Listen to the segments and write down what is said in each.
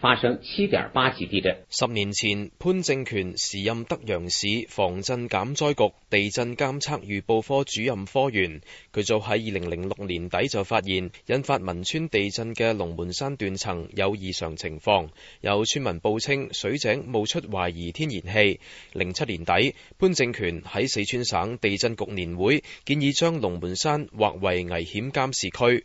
發生七點八級地震。十年前，潘正權時任德陽市防震減災局地震監測預報科主任科員，佢就喺二零零六年底就發現引發汶川地震嘅龍門山斷層有異常情況，有村民報稱水井冒出懷疑天然氣。零七年底，潘正權喺四川省地震局年會建議將龍門山劃為危險監視區。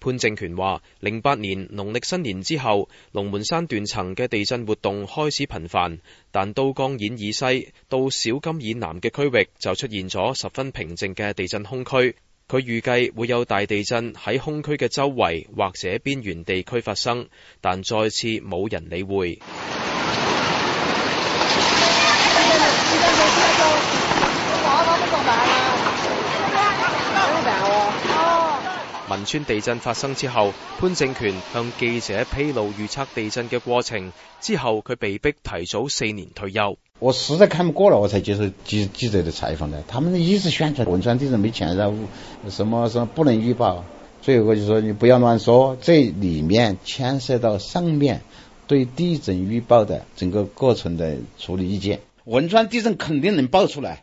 潘正權話，零八年農曆新年之後，龍門山斷層嘅地震活動開始頻繁，但都江堰以西，到小金以南嘅區域就出現咗十分平靜嘅地震空區。佢預計會有大地震喺空區嘅周圍或者邊緣地區發生，但再次冇人理會。汶川地震發生之後，潘正權向記者披露預測地震的過程，之後佢被逼提早四年退休。我實在看不過了，我才接受記記者的採訪的。他們一直宣傳汶川地震沒前，然後什麼什麼不能預報，最後我就說你不要亂說，這裏面牽涉到上面對地震預報的整個過程的處理意見。汶川地震肯定能報出來。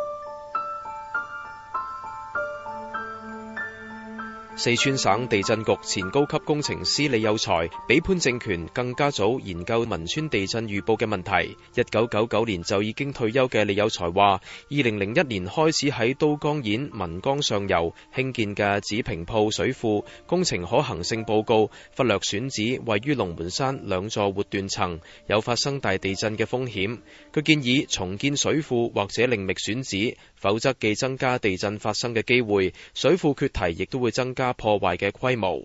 四川省地震局前高級工程師李有才比潘正權更加早研究汶川地震預報嘅問題。一九九九年就已經退休嘅李有才話，二零零一年開始喺都江堰岷江上游興建嘅紫坪鋪水庫工程可行性報告忽略選址位於龍門山兩座活斷層有發生大地震嘅風險，佢建議重建水庫或者另覓選址。否則，既增加地震發生嘅機會，水庫決堤亦都會增加破壞嘅規模。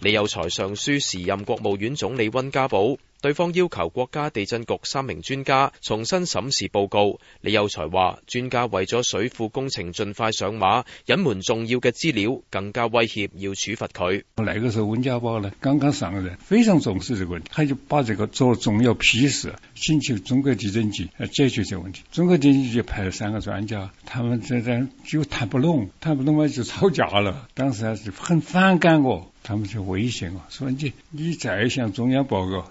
李有才上書時任國務院總理溫家寶。對方要求國家地震局三名專家重新審視報告。李有才話：專家為咗水庫工程盡快上馬，隱瞞重要嘅資料，更加威脅要處罰佢。那個時候溫家寶呢，剛剛上任，非常重視呢個問題，他就把這個做重要批示，請求中國地震局來解決這個問題。中國地震局派了三個專家，他們真真就談不攏，談不攏咪就吵架啦。當時係很反感我，他們就威脅我，說你你再向中央報告。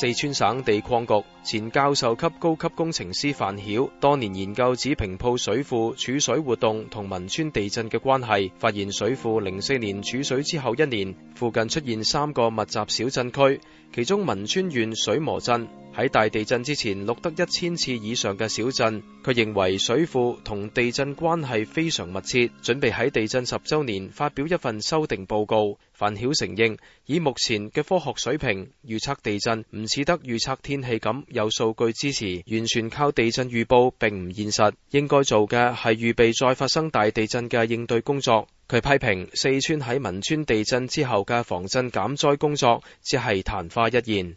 四川省地礦局前教授級高級工程師范曉，多年研究指紫坪鋪水庫儲水活動同汶川地震嘅關係，發現水庫零四年儲水之後一年，附近出現三個密集小震區，其中汶川縣水磨鎮。喺大地震之前錄得一千次以上嘅小震，佢認為水庫同地震關係非常密切，準備喺地震十周年發表一份修訂報告。范曉承認，以目前嘅科學水平預測地震唔似得預測天氣咁有數據支持，完全靠地震預報並唔現實。應該做嘅係預備再發生大地震嘅應對工作。佢批評四川喺汶川地震之後嘅防震減災工作只係曇花一現。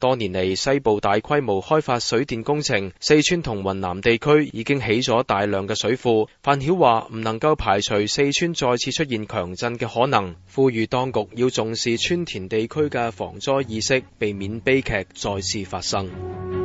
多年嚟，西部大規模開發水電工程，四川同雲南地區已經起咗大量嘅水庫。范曉話，唔能夠排除四川再次出現強震嘅可能，呼籲當局要重視川滇地區嘅防災意識，避免悲劇再次發生。